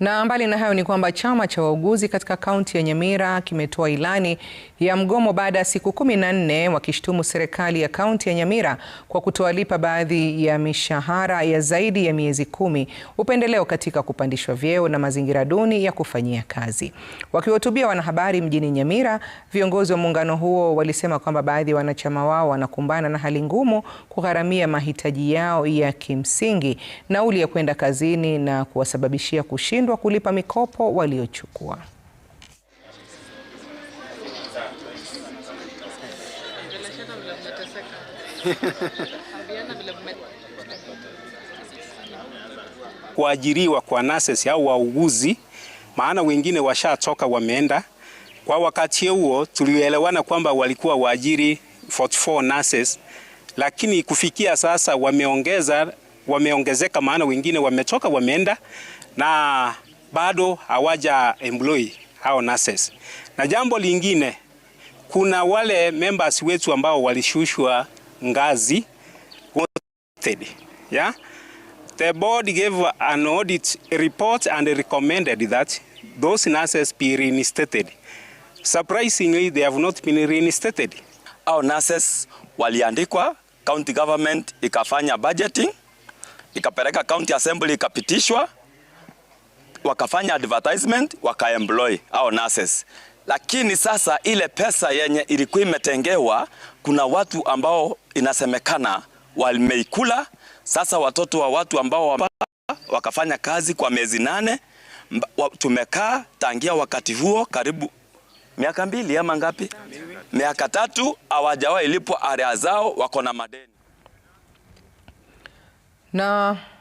Na mbali na hayo ni kwamba chama cha wauguzi katika kaunti ya Nyamira kimetoa ilani ya mgomo baada ya siku kumi na nne wakishtumu serikali ya kaunti ya Nyamira kwa kutowalipa baadhi ya mishahara ya zaidi ya miezi kumi, upendeleo katika kupandishwa vyeo na mazingira duni ya kufanyia kazi. Wakiwahutubia wanahabari mjini Nyamira, viongozi wa muungano huo walisema kwamba baadhi ya wanachama wao wanakumbana na hali ngumu kugharamia mahitaji yao ya kimsingi, nauli ya kwenda kazini na kuwasababishia kushinda kushindwa kulipa mikopo waliochukua. Kuajiriwa kwa nurses au wauguzi, maana wengine washatoka wameenda. Kwa wakati huo tulielewana kwamba walikuwa waajiri 44 nurses, lakini kufikia sasa wameongeza wameongezeka, maana wengine wametoka wameenda, na bado hawaja employ hao nurses. Na jambo lingine, kuna wale members wetu ambao walishushwa ngazi yeah? The board gave an audit report and recommended that those nurses be reinstated. Surprisingly, they have not been reinstated. Our nurses waliandikwa, county government ikafanya budgeting ikapeleka county assembly ikapitishwa, wakafanya advertisement, wakaemploy au nurses. Lakini sasa ile pesa yenye ilikuwa imetengewa, kuna watu ambao inasemekana wameikula. Sasa watoto wa watu ambao wakafanya kazi kwa miezi nane tumekaa tangia wakati huo karibu miaka mbili ama ngapi, miaka tatu, hawajawahi lipwa area zao, wako na madeni. Nah